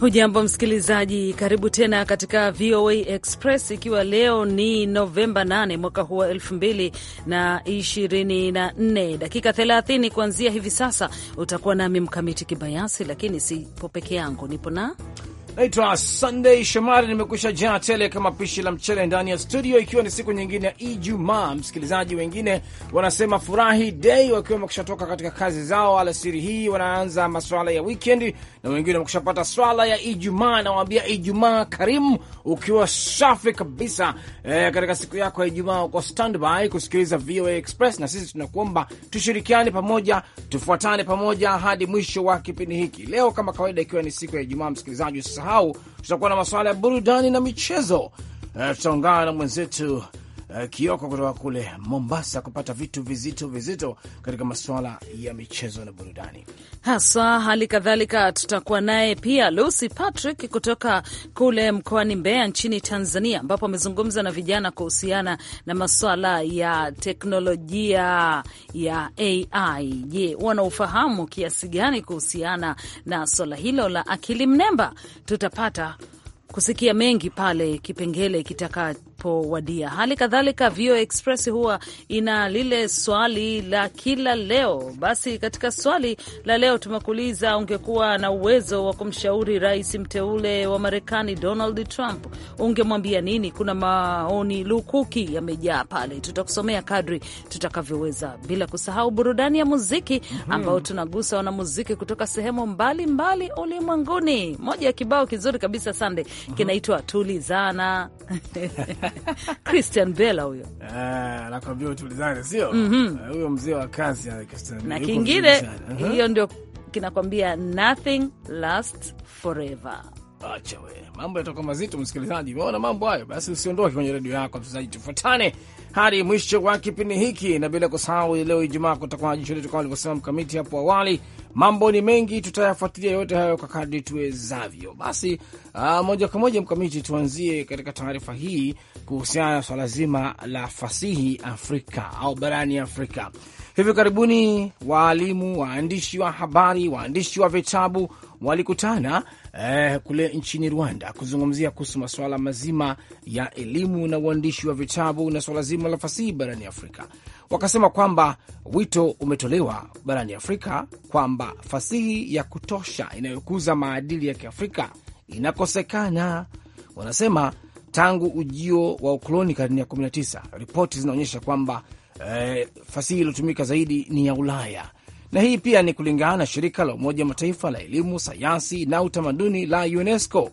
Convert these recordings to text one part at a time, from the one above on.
Hujambo msikilizaji, karibu tena katika VOA Express, ikiwa leo ni Novemba 8 mwaka huu wa 2024. Dakika 30 kuanzia hivi sasa utakuwa nami Mkamiti Kibayasi, lakini sipo peke yangu, nipo na naitwa Sunday Shomari, nimekusha jaa tele kama pishi la mchele ndani ya studio, ikiwa ni siku nyingine ya Ijumaa. Msikilizaji, wengine wanasema furahi dei wakiwa toka katika kazi zao alasiri hii, wanaanza maswala ya wikendi, na wengine pata swala ya Ijumaa. Nawaambia Ijumaa karimu, ukiwa safi kabisa e, katika siku yako ya Ijumaa uko standby kusikiliza VOA Express, na sisi tunakuomba tushirikiane pamoja, tufuatane pamoja hadi mwisho wa kipindi hiki leo, kama kawaida, ikiwa ni siku ya Ijumaa msikilizaji kusahau, tutakuwa na masuala ya burudani na michezo. Eh, tutaungana na mwenzetu Eh, kioko kutoka kule Mombasa kupata vitu vizito vizito katika masuala ya michezo na burudani haswa. Hali kadhalika tutakuwa naye pia Lucy Patrick kutoka kule mkoani Mbeya nchini Tanzania, ambapo amezungumza na vijana kuhusiana na masuala ya teknolojia ya AI. Je, ufahamu kiasi gani kuhusiana na swala hilo la akili mnemba? tutapata kusikia mengi pale kipengele kitakapowadia. Hali kadhalika VOA Express huwa ina lile swali la kila leo. Basi katika swali la leo tumekuuliza, ungekuwa na uwezo wa kumshauri rais mteule wa Marekani Donald Trump ungemwambia nini? Kuna maoni lukuki yamejaa pale, tutakusomea kadri tutakavyoweza, bila kusahau burudani ya muziki mhm. ambao tunagusa wanamuziki kutoka sehemu mbalimbali ulimwenguni. Moja ya kibao kizuri kabisa Sande Uh-huh. kinaitwa Tulizana. Christian Bella huyo anakwambia ah, utulizane, sio mm-hmm. ah, huyo mzee wa kazi. Na kingine uh-huh. hiyo ndio kinakwambia nothing lasts forever. Acha we, mambo yatakuwa mazito, msikilizaji. Umeona mambo hayo? Basi usiondoke kwenye redio yako, msikilizaji, tufuatane hadi mwisho wa kipindi hiki, na bila kusahau, leo Ijumaa kutakuwa na jicho letu, kama alivyosema mkamiti hapo awali. Mambo ni mengi, tutayafuatilia yote hayo kwa kadri tuwezavyo. Basi uh, moja kwa moja mkamiti, tuanzie katika taarifa hii kuhusiana na swala zima la fasihi Afrika au barani Afrika. Hivi karibuni waalimu, waandishi wa habari, waandishi wa vitabu walikutana eh, kule nchini Rwanda kuzungumzia kuhusu masuala mazima ya elimu na uandishi wa vitabu na suala zima la fasihi barani Afrika. Wakasema kwamba wito umetolewa barani Afrika kwamba fasihi ya kutosha inayokuza maadili ya Kiafrika inakosekana. Wanasema tangu ujio wa ukoloni karne ya 19 ripoti zinaonyesha kwamba eh, fasihi iliyotumika zaidi ni ya Ulaya, na hii pia ni kulingana na shirika la Umoja Mataifa la elimu, sayansi na utamaduni la UNESCO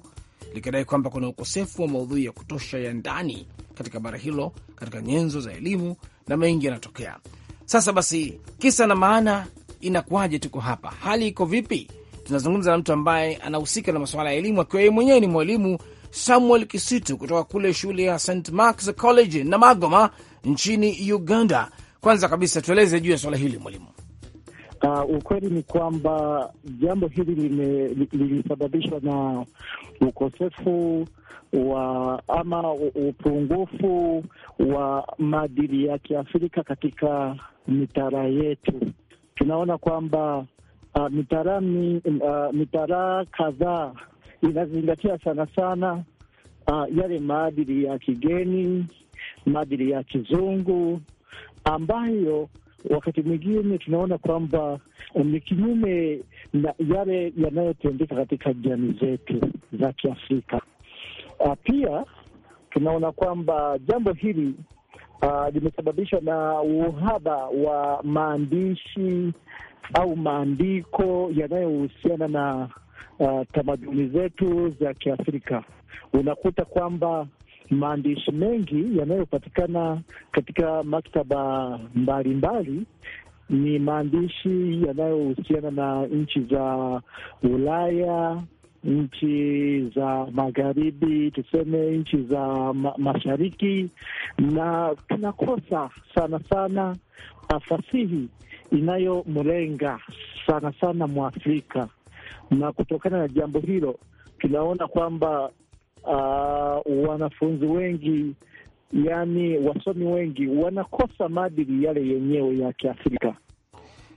likidai kwamba kuna ukosefu wa maudhui ya kutosha ya ndani katika bara hilo katika nyenzo za elimu na mengi yanatokea. Sasa basi, kisa na maana inakuwaje? Tuko hapa, hali iko vipi? Tunazungumza na mtu ambaye anahusika na masuala ya elimu akiwa yeye mwenyewe ni mwalimu, Samuel Kisitu kutoka kule shule ya St Mark's College na Magoma nchini Uganda. Kwanza kabisa tueleze juu ya swala hili mwalimu. Uh, ukweli ni kwamba jambo hili lilisababishwa na ukosefu wa ama upungufu wa maadili ya Kiafrika katika mitara yetu. Tunaona kwamba uh, mi, uh, mitara kadhaa inazingatia sana sana uh, yale maadili ya kigeni maadili ya kizungu ambayo wakati mwingine tunaona kwamba um, ni kinyume na yale yanayotendeka katika jamii zetu za Kiafrika. Ah, pia tunaona kwamba jambo hili ah, limesababishwa na uhaba wa maandishi au maandiko yanayohusiana na uh, tamaduni zetu za Kiafrika. Unakuta kwamba maandishi mengi yanayopatikana katika maktaba mbalimbali ni maandishi yanayohusiana na nchi za Ulaya, nchi za magharibi, tuseme nchi za ma mashariki, na tunakosa sana sana fasihi inayomlenga sana sana Mwafrika, na kutokana na jambo hilo tunaona kwamba uh, wanafunzi wengi yani wasomi wengi wanakosa maadili yale yenyewe ya Kiafrika.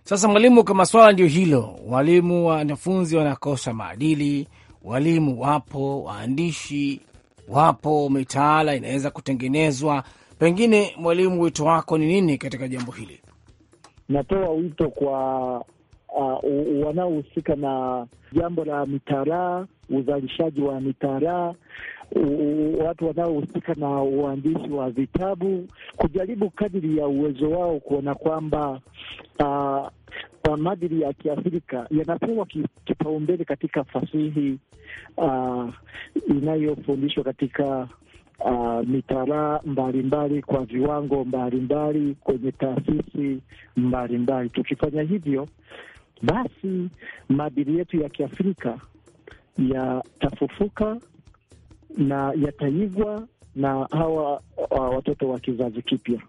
Sasa mwalimu, kama swala ndio hilo, walimu wanafunzi wanakosa maadili, walimu wapo, waandishi wapo, mitaala inaweza kutengenezwa. Pengine mwalimu, wito wako ni nini katika jambo hili? Natoa wito kwa uh, wanaohusika na jambo la mitaraa, uzalishaji wa mitaraa, watu wanaohusika na uandishi wa vitabu, kujaribu kadiri ya uwezo wao kuona kwamba uh, maadili ya Kiafrika yanapewa kipaumbele katika fasihi uh, inayofundishwa katika Uh, mitaraa mbalimbali kwa viwango mbalimbali kwenye taasisi mbalimbali. Tukifanya hivyo, basi maadili yetu ya Kiafrika yatafufuka na yataigwa na hawa uh, watoto wa kizazi kipya.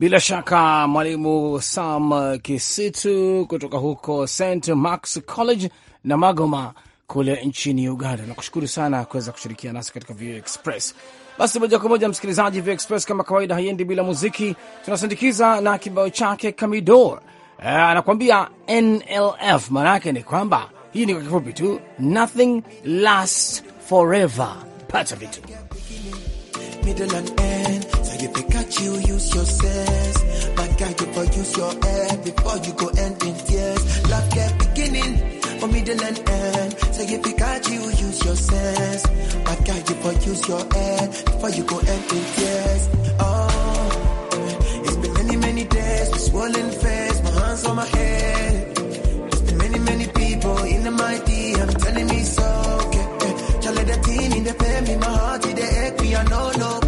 Bila shaka, Mwalimu Sam Kisitu kutoka huko St max College na Magoma kule nchini Uganda. Nakushukuru sana kuweza kushirikia nasi katika VOA Express. Basi moja kwa moja, msikilizaji, VOA Express kama kawaida haiendi bila muziki. Tunasindikiza na kibao chake Kamidor Eh, anakuambia NLF, maana ni kwamba hii ni kwa kifupi tu nothing lasts forever. Pata vitu many days, with swollen face, my hands on my head. There's been many, many people in the mighty. I'm telling me so. Okay, okay. Charlie, the teen in the pain, me, my heart, it the ache, me, I know, no.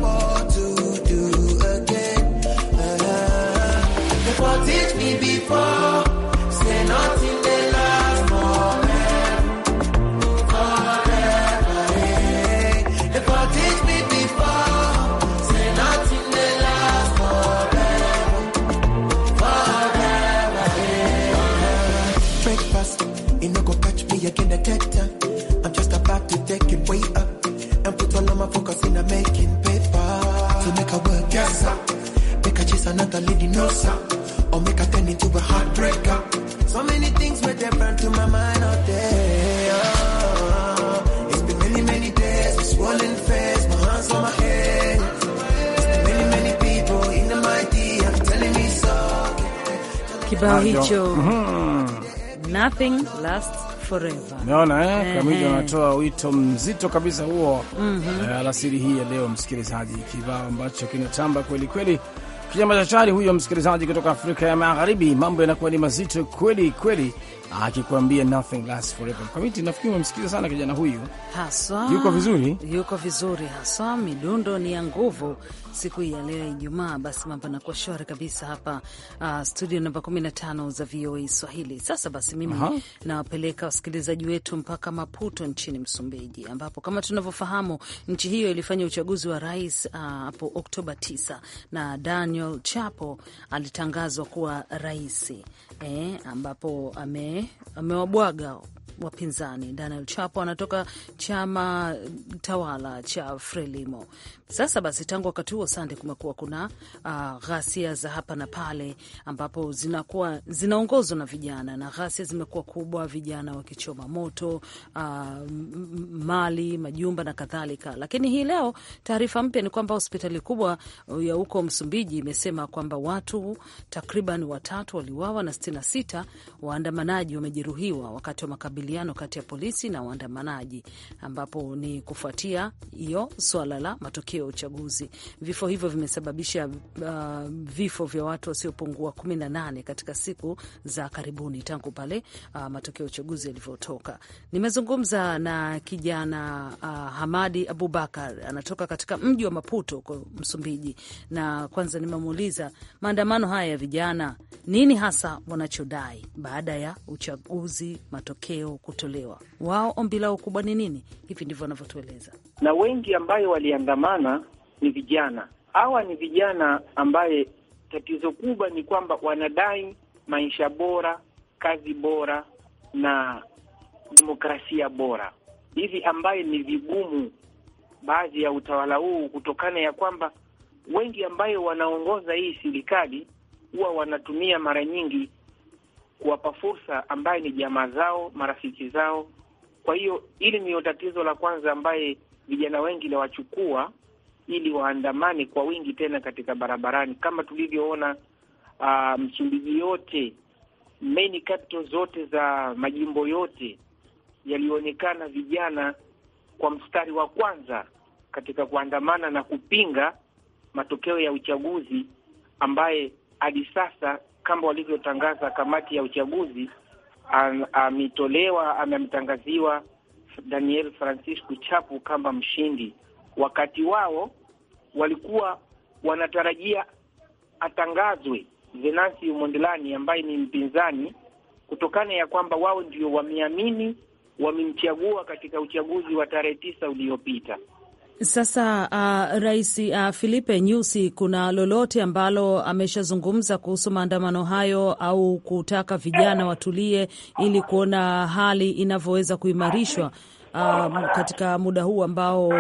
Nothing lasts forever. Naona eh, Kamili anatoa wito mzito kabisa huo mm -hmm. Alasiri hii ya leo, msikilizaji, kibao ambacho kinatamba kweli kweli kijamachachari huyo msikilizaji kutoka Afrika ya Magharibi, mambo yanakuwa ni mazito kweli kweli akikuambia nothing lasts forever. Mkamiti, nafikiri umemsikiza sana kijana huyu haswa, yuko vizuri, yuko vizuri haswa. Midundo ni ya nguvu siku hii ya leo Ijumaa. Basi mambo yanakuwa shwari kabisa hapa uh, studio namba 15 za VOA Swahili. Sasa basi mimi nawapeleka wasikilizaji wetu mpaka Maputo nchini Msumbiji, ambapo kama tunavyofahamu nchi hiyo ilifanya uchaguzi wa rais uh, hapo uh, Oktoba 9 na Daniel Chapo alitangazwa kuwa rais eh, ambapo ame amewabwaga wapinzani. Daniel Chapo anatoka chama tawala cha Frelimo. Sasa basi, tangu wakati huo Sande, kumekuwa kuna uh, ghasia za hapa na pale ambapo zinakuwa zinaongozwa na vijana, na ghasia zimekuwa kubwa, vijana wakichoma moto uh, mali, majumba na kadhalika. Lakini hii leo taarifa mpya ni kwamba hospitali kubwa uh, ya huko Msumbiji imesema kwamba watu takriban watatu waliuawa na sita waandamanaji wamejeruhiwa wakati wa makabiliano kati ya polisi na waandamanaji, ambapo ni kufuatia hiyo swala la matokeo matokeo ya uchaguzi. Vifo hivyo vimesababisha uh, vifo vya watu wasiopungua 18 katika siku za karibuni tangu pale uh, matokeo ya uchaguzi yalivyotoka. Nimezungumza na kijana uh, Hamadi Abubakar, anatoka katika mji wa Maputo kwa Msumbiji, na kwanza nimemuuliza maandamano haya ya vijana, nini hasa wanachodai baada ya uchaguzi matokeo kutolewa? Wao ombi lao kubwa ni nini? Hivi ndivyo wanavyotueleza na wengi ambayo waliandamana ni vijana. Hawa ni vijana ambaye tatizo kubwa ni kwamba wanadai maisha bora, kazi bora na demokrasia bora, hivi ambaye ni vigumu baadhi ya utawala huu, kutokana ya kwamba wengi ambayo wanaongoza hii serikali huwa wanatumia mara nyingi kuwapa fursa ambaye ni jamaa zao, marafiki zao. Kwa hiyo hili ndiyo tatizo la kwanza ambaye vijana wengi wachukua ili waandamane kwa wingi tena katika barabarani, kama tulivyoona uh, Msumbiji yote main capital zote za majimbo yote yalionekana vijana kwa mstari wa kwanza katika kuandamana na kupinga matokeo ya uchaguzi ambaye hadi sasa kama walivyotangaza kamati ya uchaguzi ametolewa amemtangaziwa Daniel Francisco Chapu kama mshindi. Wakati wao walikuwa wanatarajia atangazwe Venansi Mondlani ambaye ni mpinzani, kutokana ya kwamba wao ndio wameamini wamemchagua katika uchaguzi wa tarehe tisa uliopita. Sasa uh, Rais uh, Filipe Nyusi, kuna lolote ambalo ameshazungumza kuhusu maandamano hayo au kutaka vijana watulie ili kuona hali inavyoweza kuimarishwa uh, katika muda huu ambao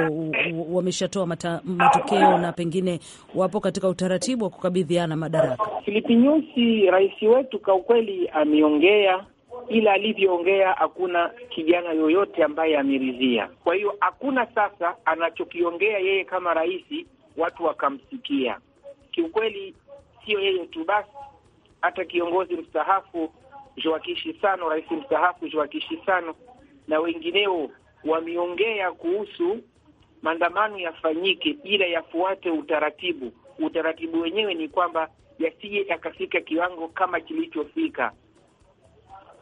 wameshatoa matokeo na pengine wapo katika utaratibu wa kukabidhiana madaraka? Filipe Nyusi, rais wetu, kwa ukweli ameongea ila alivyoongea hakuna kijana yoyote ambaye ameridhia. Kwa hiyo hakuna sasa anachokiongea yeye kama rais watu wakamsikia. Kiukweli sio yeye tu basi, hata kiongozi mstahafu Joakishi Sano, rais mstahafu Joakishi sano na wengineo wameongea kuhusu maandamano yafanyike, ila yafuate utaratibu. Utaratibu wenyewe ni kwamba yasije yakafika kiwango kama kilichofika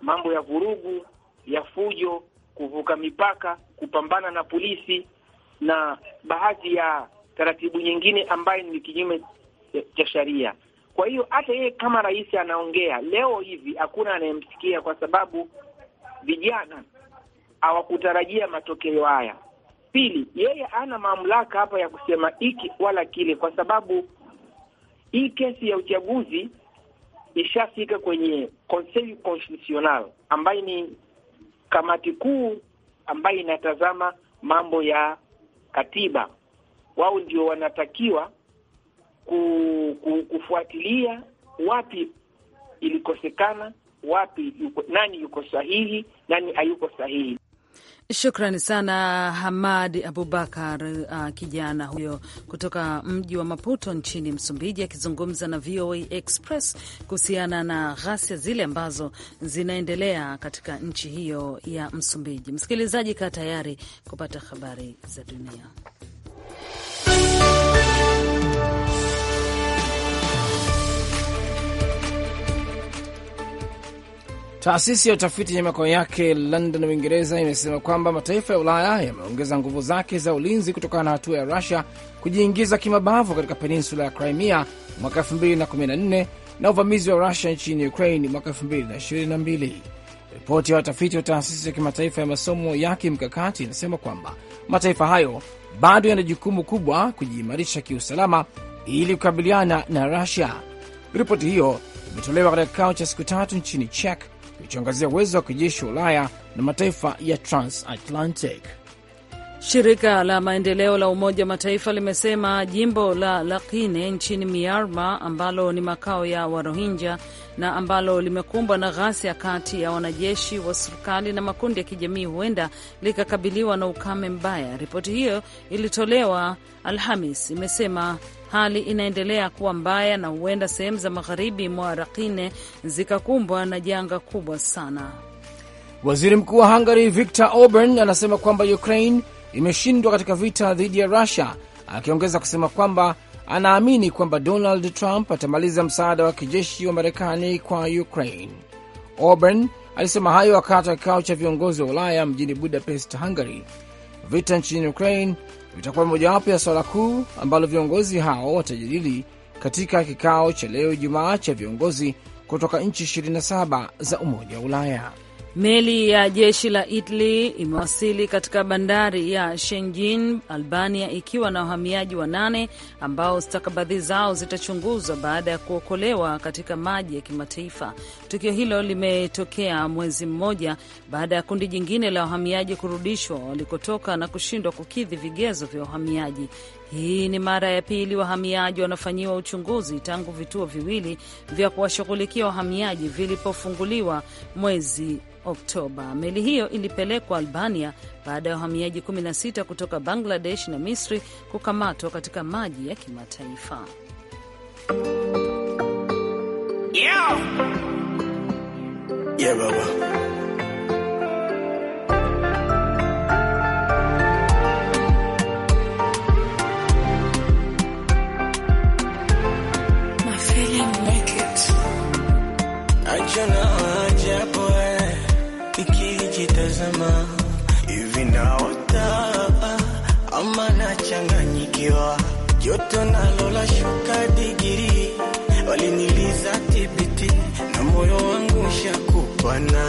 mambo ya vurugu, ya fujo, kuvuka mipaka, kupambana na polisi na baadhi ya taratibu nyingine ambayo ni kinyume cha sheria. Kwa hiyo hata yeye kama rais anaongea leo hivi hakuna anayemsikia, kwa sababu vijana hawakutarajia matokeo haya. Pili, yeye ana mamlaka hapa ya kusema hiki wala kile, kwa sababu hii kesi ya uchaguzi ishafika kwenye Conseil Constitutionnel ambaye ni kamati kuu ambayo inatazama mambo ya katiba. Wao ndio wanatakiwa ku, ku, kufuatilia wapi ilikosekana, wapi yuko, nani yuko sahihi, nani hayuko sahihi. Shukrani sana Hamad Abubakar, uh, kijana huyo kutoka mji wa Maputo nchini Msumbiji, akizungumza na VOA Express kuhusiana na ghasia zile ambazo zinaendelea katika nchi hiyo ya Msumbiji. Msikilizaji, kaa tayari kupata habari za dunia. Taasisi ya utafiti yenye makao yake London, Uingereza, imesema kwamba mataifa ya Ulaya yameongeza nguvu zake za ulinzi kutokana na hatua ya Rusia kujiingiza kimabavu katika peninsula ya Crimea mwaka 2014 na uvamizi wa Rusia nchini Ukraine mwaka 2022. Ripoti ya watafiti wa taasisi ya kimataifa ya masomo ya kimkakati inasema kwamba mataifa hayo bado yana jukumu kubwa kujiimarisha kiusalama ili kukabiliana na Rusia. Ripoti hiyo imetolewa katika kikao cha siku tatu nchini Czech kilichoangazia uwezo wa kijeshi wa Ulaya na mataifa ya transatlantic. Shirika la maendeleo la Umoja wa Mataifa limesema jimbo la Rakhine nchini Myanmar ambalo ni makao ya Warohinja na ambalo limekumbwa na ghasia kati ya wanajeshi wa serikali na makundi ya kijamii huenda likakabiliwa na ukame mbaya. Ripoti hiyo ilitolewa Alhamis imesema hali inaendelea kuwa mbaya na huenda sehemu za magharibi mwa Rakhine zikakumbwa na janga kubwa sana. Waziri mkuu wa Hungary Viktor Orban anasema kwamba Ukraine imeshindwa katika vita dhidi ya Rusia, akiongeza kusema kwamba anaamini kwamba Donald Trump atamaliza msaada wa kijeshi wa Marekani kwa Ukraine. Orban alisema hayo wakati wa kikao cha viongozi wa Ulaya mjini Budapest, Hungary. Vita nchini Ukraine vitakuwa mojawapo ya swala kuu ambalo viongozi hao watajadili katika kikao cha leo Ijumaa cha viongozi kutoka nchi 27 za Umoja wa Ulaya. Meli ya jeshi la Italy imewasili katika bandari ya Shenjin, Albania, ikiwa na wahamiaji wanane ambao stakabadhi zao zitachunguzwa baada ya kuokolewa katika maji ya kimataifa. Tukio hilo limetokea mwezi mmoja baada ya kundi jingine la wahamiaji kurudishwa walikotoka na kushindwa kukidhi vigezo vya uhamiaji hii ni mara ya pili wahamiaji wanafanyiwa uchunguzi tangu vituo viwili vya kuwashughulikia wahamiaji vilipofunguliwa mwezi Oktoba. Meli hiyo ilipelekwa Albania baada ya wahamiaji 16 kutoka Bangladesh na Misri kukamatwa katika maji ya kimataifa. Yeah. Yeah, macho na ajabu nikijitazama hivi naota ama nachanganyikiwa, joto nalo la shuka digiri, waliniliza tibiti na moyo wangu shakupana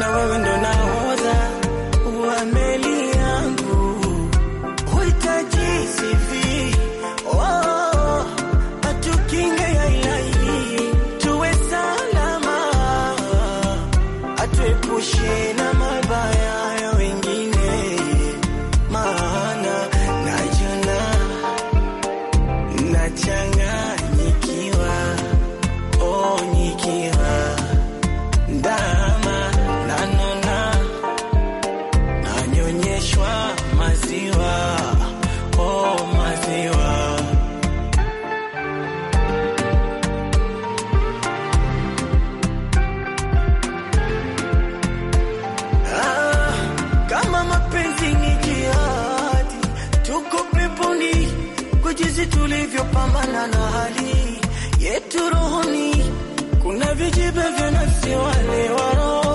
na wewe ndo nao tulivyopambana na hali yetu rohoni, kuna vijibe vya nafsi wale waro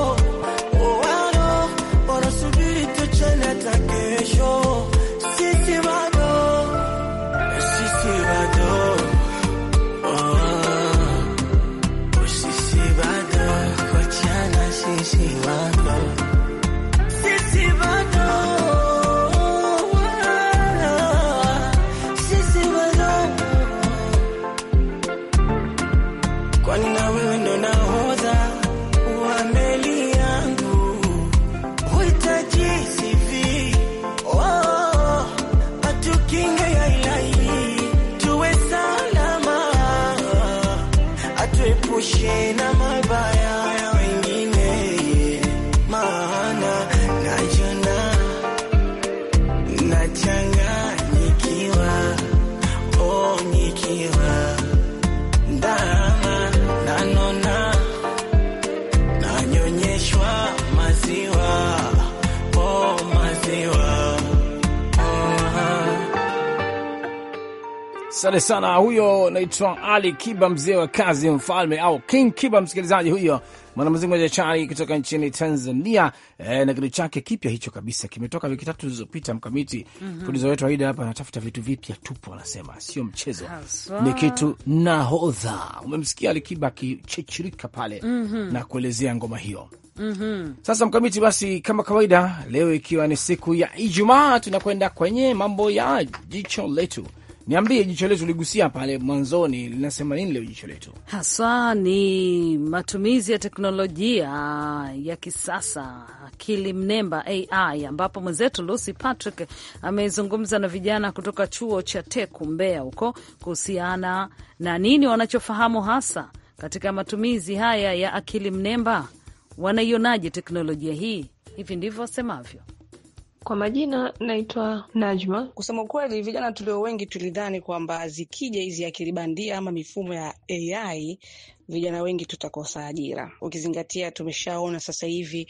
Asante sana, huyo naitwa Ali Kiba, mzee wa kazi, mfalme au King Kiba, msikilizaji huyo mwanamuziki chari kutoka nchini Tanzania eh, na kitu chake kipya hicho kabisa kimetoka wiki tatu zilizopita. Mkamiti mhm. producer wetu Aida hapa anatafuta vitu vipya tupo, anasema sio mchezo, ni kitu nahodha. Umemsikia Ali Kiba akichechirika pale mm -hmm. na kuelezea ngoma hiyo mm -hmm. Sasa Mkamiti, basi kama kawaida, leo ikiwa ni siku ya Ijumaa, tunakwenda kwenye mambo ya jicho letu Niambie, jicho letu ligusia pale mwanzoni, linasema nini leo? Jicho letu haswa ni matumizi ya teknolojia ya kisasa, akili mnemba AI, ambapo mwenzetu Lucy Patrick amezungumza na vijana kutoka chuo cha Teku Mbeya huko kuhusiana na nini wanachofahamu hasa katika matumizi haya ya akili mnemba. Wanaionaje teknolojia hii? Hivi ndivyo wasemavyo. Kwa majina naitwa Najma. Kusema kweli, vijana tulio wengi tulidhani kwamba zikija hizi akili bandia ama mifumo ya AI vijana wengi tutakosa ajira, ukizingatia tumeshaona sasa hivi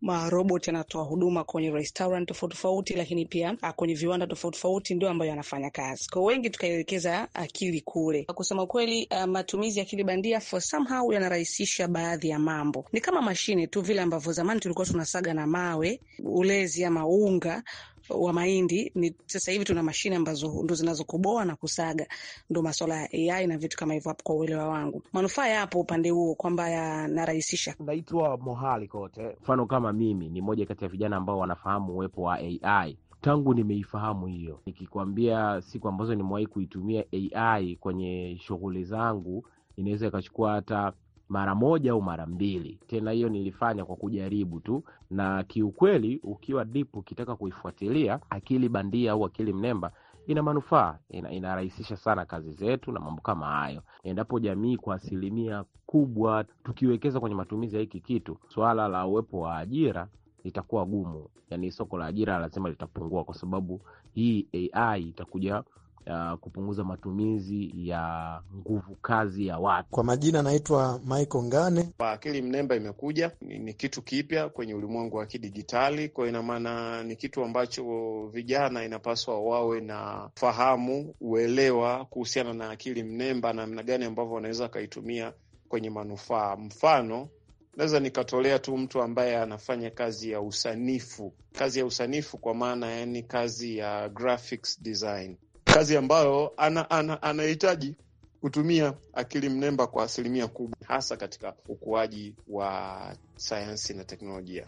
marobot yanatoa huduma kwenye restaurant tofauti tofauti, lakini pia ah, kwenye viwanda tofauti tofauti ndio ambayo yanafanya kazi kwa Wengi tukaelekeza akili kule. Kusema kweli uh, matumizi ya akili bandia for somehow yanarahisisha baadhi ya mambo. Ni kama mashine tu vile ambavyo zamani tulikuwa tunasaga na mawe ulezi ama unga wa mahindi ni sasa hivi tuna mashine ambazo ndo zinazokoboa na kusaga, ndo maswala ya AI na vitu kama hivyo. Hapo kwa uelewa wangu, manufaa yapo upande huo kwamba yanarahisisha. Naitwa Mohali Kote. Mfano kama mimi ni moja kati ya vijana ambao wanafahamu uwepo wa AI tangu nimeifahamu hiyo, nikikwambia siku ambazo nimewahi kuitumia AI kwenye shughuli zangu inaweza ikachukua hata mara moja au mara mbili. Tena hiyo nilifanya kwa kujaribu tu, na kiukweli, ukiwa deep ukitaka kuifuatilia, akili bandia au akili mnemba ina manufaa, inarahisisha sana kazi zetu na mambo kama hayo. Endapo jamii kwa asilimia kubwa tukiwekeza kwenye matumizi ya hiki kitu, swala la uwepo wa ajira litakuwa gumu, yani soko la ajira lazima litapungua, kwa sababu hii AI itakuja uh, kupunguza matumizi ya nguvu kazi ya watu. Kwa majina anaitwa Michael Ngane. Kwa akili mnemba imekuja ni, ni kitu kipya kwenye ulimwengu wa kidijitali, kwa ina maana ni kitu ambacho vijana inapaswa wawe na fahamu, uelewa kuhusiana na akili mnemba, namna gani ambavyo wanaweza wakaitumia kwenye manufaa. Mfano, naweza nikatolea tu mtu ambaye anafanya kazi ya usanifu, kazi ya usanifu kwa maana yani kazi ya graphics design kazi ambayo anahitaji ana, ana kutumia akili mnemba kwa asilimia kubwa, hasa katika ukuaji wa sayansi na teknolojia.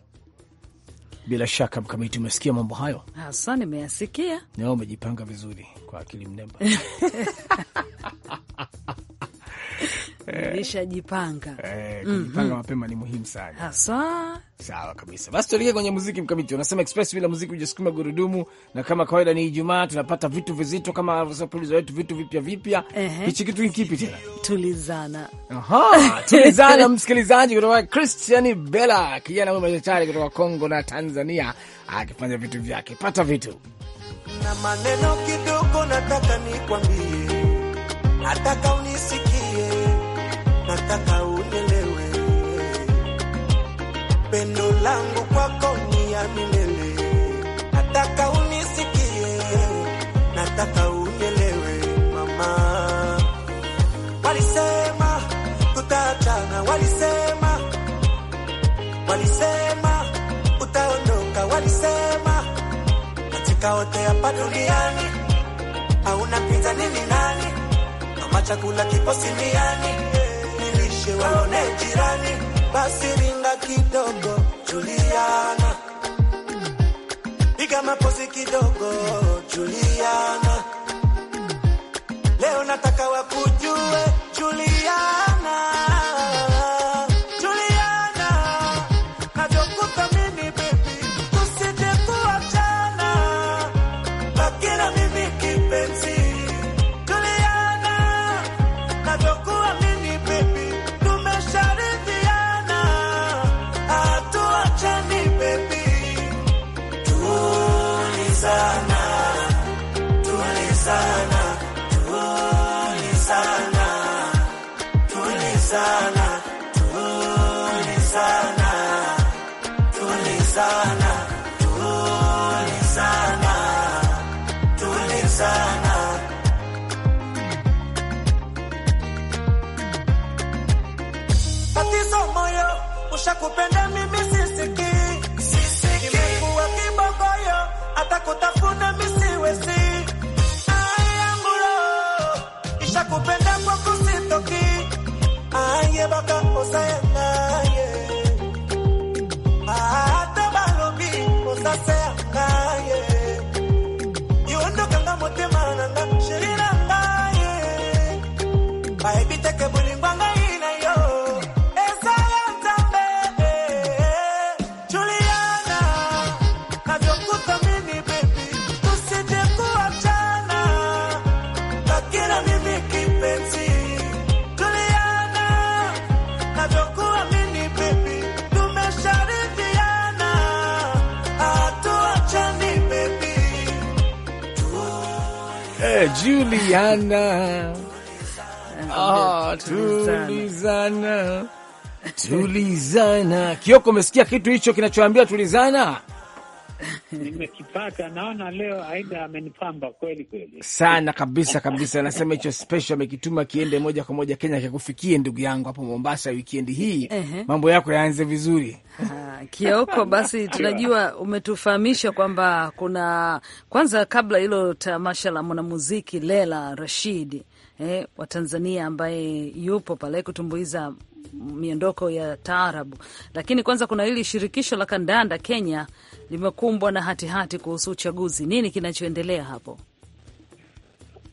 Bila shaka Mkamiti, umesikia mambo hayo hasa? Nimeyasikia. Nao umejipanga vizuri kwa akili mnemba Nilishajipanga. Eh, mhm. kujipanga mapema ni muhimu sana. Hasa. Sawa kabisa. Basi tuelekee kwenye muziki mkamiti. Unasema express bila muziki hujasukuma gurudumu na kama kawaida ni Ijumaa tunapata vitu vizito kama alivyosema wetu vitu vipya vipya. Hichi kitu ni kipi tena? Tulizana. Aha, tulizana msikilizaji kutoka Christian Bella, kijana mmoja machachari kutoka Kongo na Tanzania akifanya vitu vyake. Pata vitu. Na maneno kidogo nataka nikwambie. hata unisikie nataka uelewe pendo langu kwako ni ya milele, nataka unisikie, nataka uelewe mama. Walisema tutaachana, walisema walisema utaondoka, walisema katika wote hapa duniani hauna pinzani ni nani? Kama chakula kipo siniani tukaone jirani, basi ringa kidogo, Juliana, piga mapozi kidogo, Juliana, leo nataka wakujue Juliana. Acha kupenda kwako aye baka Juliana, ah, tulizana tulizana. Kioko, umesikia kitu hicho kinachoambia tulizana? nimekipata. Naona leo Aida amenipamba kweli kweli sana kabisa kabisa. Anasema hicho special amekituma kiende moja kwa moja Kenya, kikufikie ndugu yangu hapo Mombasa wikendi hii. mambo yako yaanze vizuri. Ah, kioko, basi tunajua umetufahamisha kwamba kuna kwanza, kabla hilo tamasha la mwanamuziki Lela rashidi eh, wa Tanzania ambaye yupo pale kutumbuiza miondoko ya taarabu. Lakini kwanza kuna hili shirikisho la kandanda Kenya limekumbwa na hatihati kuhusu uchaguzi. Nini kinachoendelea hapo?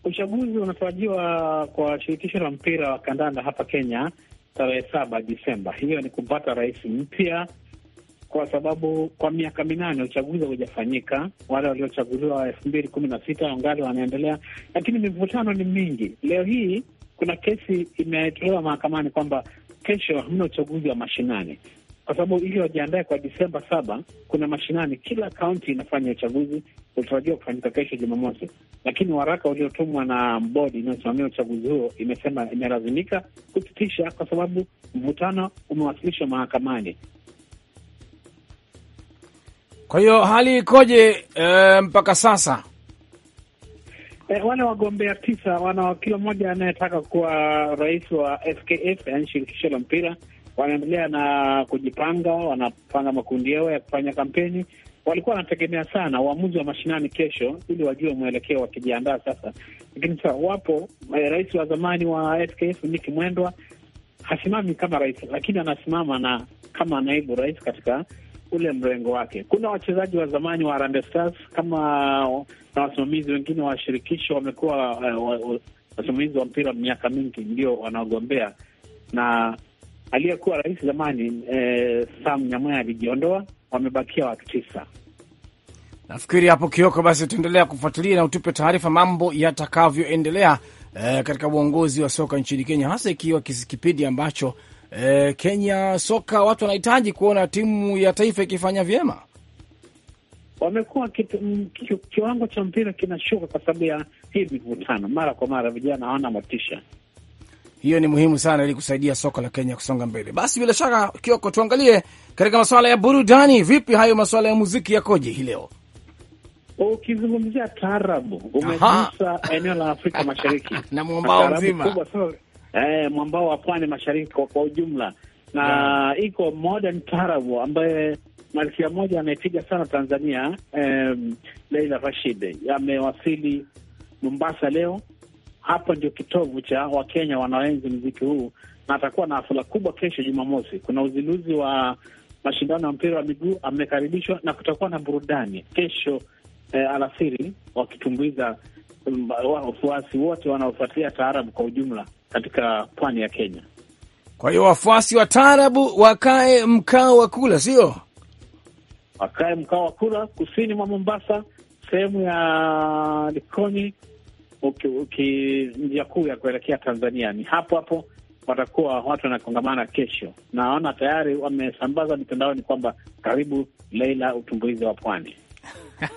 Uchaguzi unatarajiwa kwa shirikisho la mpira wa kandanda hapa Kenya tarehe saba Disemba. Hiyo ni kumpata rais mpya kwa sababu kwa miaka minane uchaguzi haujafanyika. Wale waliochaguliwa elfu mbili kumi na sita wangali wanaendelea, lakini mivutano ni mingi. Leo hii kuna kesi imetolewa mahakamani kwamba kesho hamna uchaguzi wa mashinani kwa sababu ili wajiandae kwa Disemba saba, kuna mashinani, kila kaunti inafanya uchaguzi ulitarajiwa kufanyika kesho Jumamosi, lakini waraka uliotumwa na bodi inayosimamia uchaguzi huo imesema imelazimika kupitisha kwa sababu mvutano umewasilishwa mahakamani. Kwa hiyo hali ikoje e, mpaka sasa? E, wale wagombea tisa wana kila mmoja anayetaka kuwa rais wa FKF, yaani shirikisho la mpira, wanaendelea na kujipanga, wanapanga makundi yao ya kufanya kampeni. Walikuwa wanategemea sana uamuzi wa mashinani kesho, ili wajue mwelekeo, wakijiandaa sasa. Lakini sasa wapo eh, rais wa zamani wa FKF Nick Mwendwa hasimami kama rais, lakini anasimama na kama naibu rais katika ule mrengo wake. Kuna wachezaji wa zamani wa Harambee Stars kama na wasimamizi wengine wa shirikisho wamekuwa eh, wasimamizi wa mpira miaka mingi, ndio wanaogombea na aliyekuwa rais zamani eh, Sam Nyamwea alijiondoa, wamebakia watu tisa. Nafikiri hapo Kioko, basi tuendelea kufuatilia na utupe taarifa mambo yatakavyoendelea eh, katika uongozi wa soka nchini Kenya, hasa ikiwa kipindi ambacho e, Kenya soka watu wanahitaji kuona timu ya taifa ikifanya vyema. Wamekuwa kiwango cha mpira kinashuka kwa sababu ya hii mivutano mara kwa mara, vijana hawana motisha. Hiyo ni muhimu sana ili kusaidia soka la Kenya kusonga mbele. Basi bila shaka, Kioko, tuangalie katika masuala ya burudani. Vipi hayo masuala ya muziki yakoje hii leo? Ukizungumzia tarabu umegusa eneo la Afrika Mashariki na mwambao mzima kubwa sana eh, mwambao wa pwani mashariki kwa, kwa ujumla na yeah. Iko modern tarabu ambaye malkia moja amepiga sana Tanzania eh, Leila Rashid amewasili Mombasa leo. Hapa ndio kitovu cha Wakenya wanaoenzi mziki huu, na atakuwa na hafula kubwa kesho Jumamosi. Kuna uzinduzi wa mashindano ya mpira wa miguu, amekaribishwa na kutakuwa na burudani kesho eh, alasiri, wakitumbuiza mm, wafuasi wote wanaofuatilia taarabu kwa ujumla katika pwani ya Kenya. Kwa hiyo wafuasi wa taarabu wakae mkao wa kula, sio wakae mkao wa kula kusini mwa Mombasa, sehemu ya Likoni, njia kuu ya kuelekea Tanzania ni hapo hapo. Watakuwa watu wanakongamana kesho. Naona tayari wamesambaza mitandaoni kwamba karibu Leila, utumbuizi wa pwani.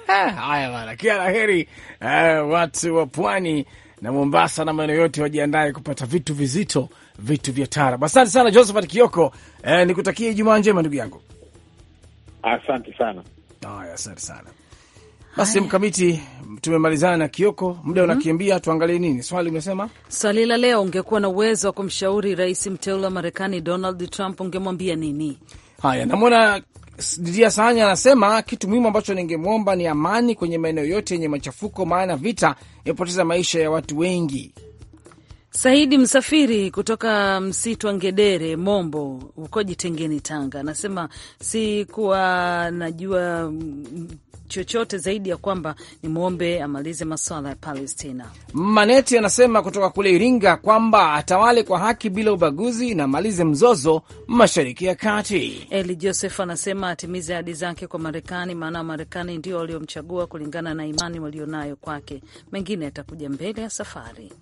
Haya bana, kila la heri uh, watu wa pwani na Mombasa na maeneo yote wajiandae kupata vitu vizito, vitu vya taarab. Asante sana Josephat Kioko, eh, nikutakie Ijumaa njema ndugu yangu. Asante sana. Haya, asante sana. Basi mkamiti, tumemalizana na Kioko, muda mhm. unakimbia. mm -hmm. Tuangalie nini swali, umesema swali la leo, ungekuwa na uwezo wa kumshauri rais mteule wa Marekani Donald Trump, ungemwambia nini? Haya, namwona Didia Sahani anasema kitu muhimu ambacho ningemwomba ni amani kwenye maeneo yote yenye machafuko, maana vita imepoteza maisha ya watu wengi. Saidi Msafiri kutoka msitu wa Ngedere, Mombo, huko Jitengeni, Tanga, anasema kuwa najua mm, chochote zaidi ya kwamba ni mwombe amalize masuala ya Palestina. Maneti anasema kutoka kule Iringa kwamba atawale kwa haki bila ubaguzi na amalize mzozo mashariki ya kati. Eli Joseph anasema atimize ahadi zake kwa Marekani, maana Wamarekani ndio waliomchagua kulingana na imani walionayo kwake. Mengine atakuja mbele ya safari.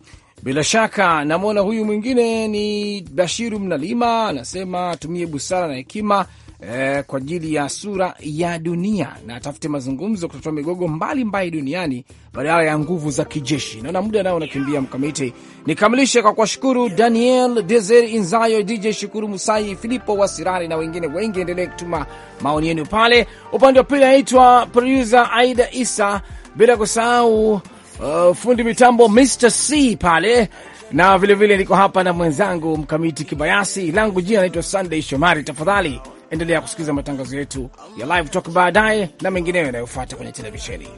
Bila shaka namwona huyu mwingine ni Bashiru Mnalima, anasema atumie busara na hekima eh, kwa ajili ya sura ya dunia na atafute mazungumzo kutatua migogo mbalimbali duniani badala ya nguvu za kijeshi. Naona muda nao unakimbia, mkamiti nikamilishe kwa kuwashukuru Daniel Deser Inzayo, DJ Shukuru Musai, Filipo Wasirari na wengine wengi. Endelee kutuma maoni yenu pale. Upande wa pili anaitwa produsa Aida Isa, bila kusahau Uh, fundi mitambo Mr. C pale na vilevile, niko hapa na mwenzangu mkamiti kibayasi, langu jina naitwa Sunday Shomari. Tafadhali Endelea kusikiliza matangazo yetu ya Live Talk baadaye na mengineyo yanayofuata kwenye televisheni.